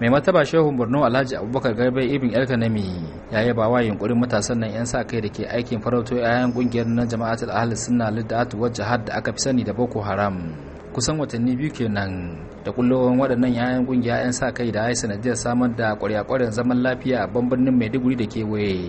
mai mataba shehu borno alhaji abubakar garbe ibn elkanami ya yi bawa yunkurin matasan nan yan sa kai da ke aikin farauto yayan kungiyar na jama'atul ahli sunna liddat wa jihad da aka fi sani da boko haram kusan watanni biyu kenan da kullowar waɗannan yayan kungiya yan sa kai da ya sanadiyar samar da kwarya-kwaryan zaman lafiya a bambanin maiduguri da kewaye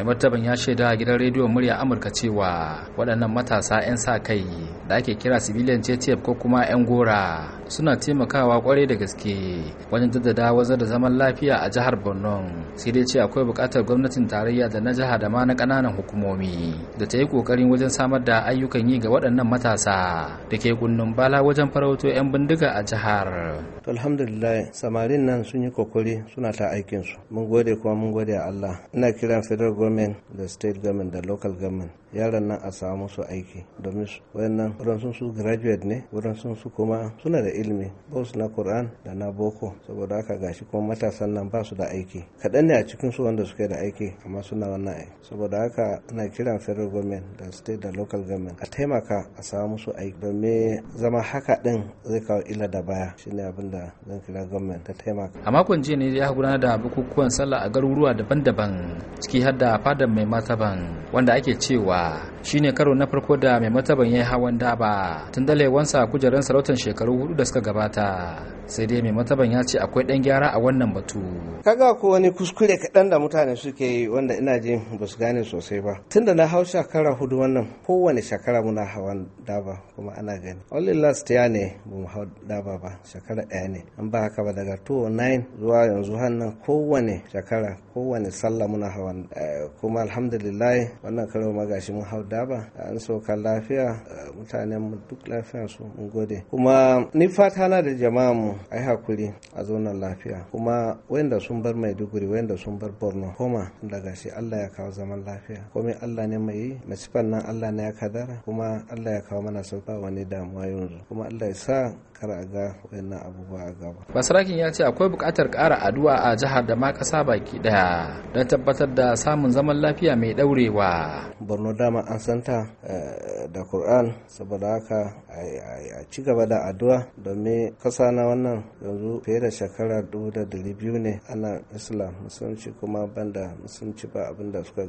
mai martaban ya shaida a gidan rediyon murya amurka cewa waɗannan matasa 'yan sa kai da ake kira civilian jtf ko kuma 'yan gora suna taimakawa kwarai da gaske wajen jaddada wazar da zaman lafiya a jihar borno sai dai ce akwai buƙatar gwamnatin tarayya da na jiha da ma na ƙananan hukumomi da ta yi ƙoƙarin wajen samar da ayyukan yi ga waɗannan matasa da ke gunnun bala wajen farauto 'yan bindiga a jihar alhamdulillah samarin nan sun yi kokari suna ta aikinsu mun gode kuma mun gode a allah ina kiran federal the state government, the local government, yaran nan a samu su aiki domin wayannan wadansu su graduate ne wadansu su kuma suna da ilimi both na Quran da na boko saboda haka gashi kuma matasan nan ba su da aiki kaɗan ne a cikin su wanda suke da aiki amma suna wannan aiki saboda haka ana kiran federal government da state da local government a taimaka a samu su aiki domin zama haka din zai kawo illa da baya shine abin da zan kira government ta taimaka a makon jiya ne ya gudanar da bukukuwan sallah a garuruwa daban-daban ciki har da fadar mai mataban wanda ake cewa a shine karo na farko da mai mataban ya hawan daba tun wansa kujerar sarautar shekaru hudu da suka gabata sai dai mai mataban ya ce akwai dan gyara a wannan batu kaga ko wani kuskure kaɗan da mutane suke yi wanda ina jin ba su gane sosai ba tun da na hau shekara hudu wannan kowane shekara muna hawan daba kuma ana gani only last year ne ba mu hau daba ba shekara ɗaya ne an ba haka ba daga 2009 zuwa yanzu hannan kowane shekara kowane sallah muna hawan eh, kuma alhamdulillah wannan karo magashi mun hau yarda ba an sauka lafiya mutanen mu duk lafiya su mun gode kuma ni fata na da jama'a mu ai hakuri a zonar lafiya kuma wanda sun bar maiduguri wanda sun bar borno koma daga shi allah ya kawo zaman lafiya komai allah ne mai yi masifan nan allah ne ya kadara kuma allah ya kawo mana sauka wani damuwa yanzu kuma allah ya sa kar a ga wannan abubuwa a gaba basrakin ya ce akwai buƙatar ƙara addu'a a jihar da ma ƙasa baki ɗaya don tabbatar da samun zaman lafiya mai ɗaurewa borno dama an santa eh, da Kur'an saboda haka a ci gaba da addu'a domin kasa na wannan yanzu fiye da shekara dubu da dari biyu ne ana Islam musulunci kuma banda musulunci ba abinda suka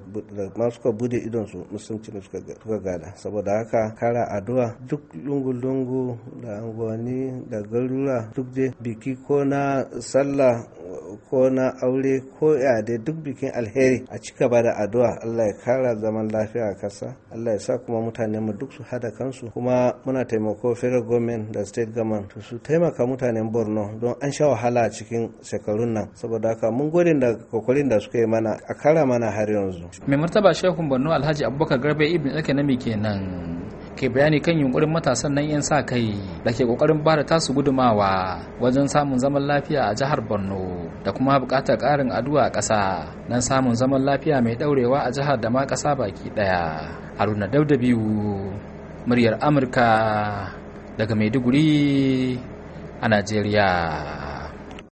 ma suka bude idon su musulunci ne suka gada saboda haka kara addu'a duk lungu-lungu da angwani da garura duk dai biki ko na sallah ko na aure ko yade duk bikin alheri a ci gaba da addu'a Allah ya kara zaman lafiya a kasa Allah ya sa kuma mutane mu duk su hada kansu kuma muna taimako federal government da state government su taimaka mutanen Borno don an sha wahala a cikin shekarun nan saboda haka mun gode da kokarin da suka yi mana a kara mana har yanzu mai martaba Shehu Borno Alhaji Abubakar Garba Ibn Alkanami kenan ke bayani kan yunkurin matasan nan 'yan sa kai da ke kokarin ba da tasu gudumawa wajen samun zaman lafiya a jihar borno da kuma buƙatar ƙarin addu'a ƙasa don samun zaman lafiya mai ɗaurewa a jihar da ma ƙasa baki ɗaya haruna dauda biyu muryar amurka daga maiduguri a najeriya